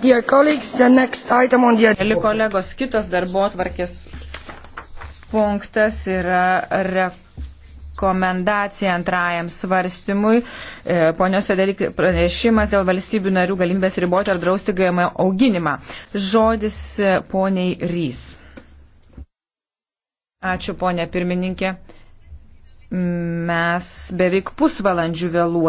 Mėly kolegos, kitas darbo atvarkės punktas yra rekomendacija antrajam svarstymui. E, ponios Federik pranešimas dėl valstybių narių galimybės riboti ar drausti GMO auginimą. Žodis e, poniai Rys. Ačiū, ponė pirmininkė. Mes beveik pusvalandžių vėluojame.